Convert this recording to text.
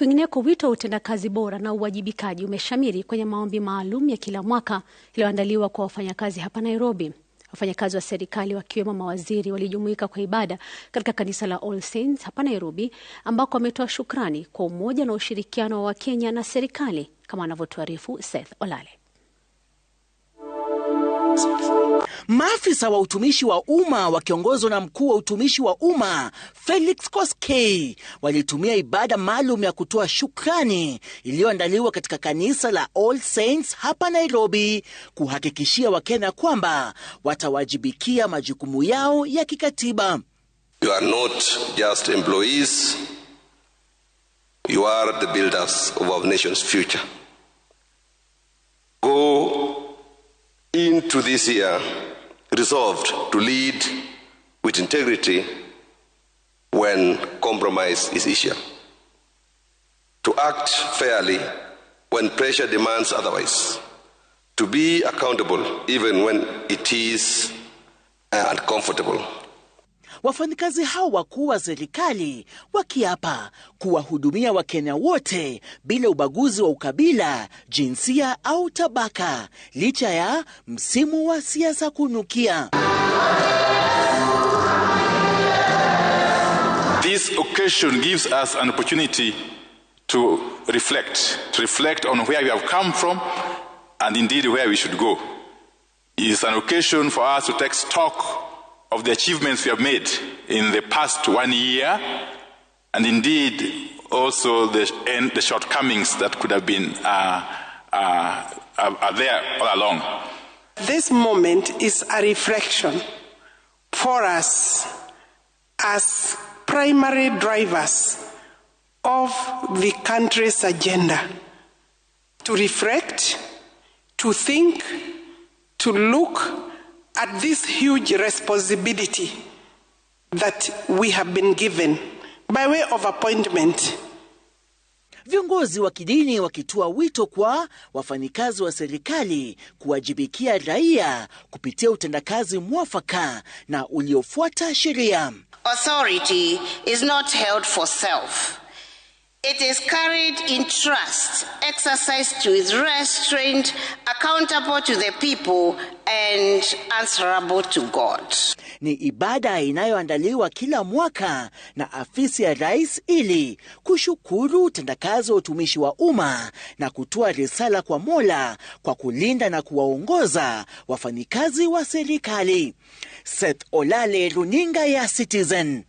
Kwingineko, wito wa utendakazi bora na uwajibikaji umeshamiri kwenye maombi maalum ya kila mwaka iliyoandaliwa kwa wafanyakazi hapa Nairobi. Wafanyakazi wa serikali wakiwemo mawaziri walijumuika kwa ibada katika kanisa la All Saints hapa Nairobi, ambako wametoa shukrani kwa umoja na ushirikiano wa Wakenya na serikali, kama anavyotuarifu Seth Olale. Maafisa wa utumishi wa umma wakiongozwa na mkuu wa utumishi wa umma Felix Koskei walitumia ibada maalum ya kutoa shukrani iliyoandaliwa katika kanisa la All Saints hapa Nairobi kuhakikishia Wakenya kwamba watawajibikia majukumu yao ya kikatiba. You are not just employees. You are the builders of our nation's future. into this year resolved to lead with integrity when compromise is issue, to act fairly when pressure demands otherwise, to be accountable even when it is uncomfortable. wafanyikazi hao wakuu wa serikali wakiapa kuwahudumia Wakenya wote bila ubaguzi wa ukabila, jinsia au tabaka, licha ya msimu wa siasa kunukia. This occasion gives us an opportunity to reflect, to reflect on where we have come from and indeed where we should go. It is an occasion for us to take stock of the achievements we have made in the past one year, and indeed also the, and the shortcomings that could have been uh, uh, are there all along. This moment is a reflection for us as primary drivers of the country's agenda to reflect, to think, to look at this huge responsibility that we have been given by way of appointment. Viongozi wa kidini wakitoa wito kwa wafanyikazi wa serikali kuwajibikia raia kupitia utendakazi mwafaka na uliofuata sheria. Authority is not held for self. It is carried in trust, exercised with restraint, accountable to the people and answerable to God. Ni ibada inayoandaliwa kila mwaka na afisi ya rais ili kushukuru utendakazi wa utumishi wa umma na kutoa risala kwa Mola kwa kulinda na kuwaongoza wafanyikazi wa serikali. Seth Olale, runinga ya Citizen.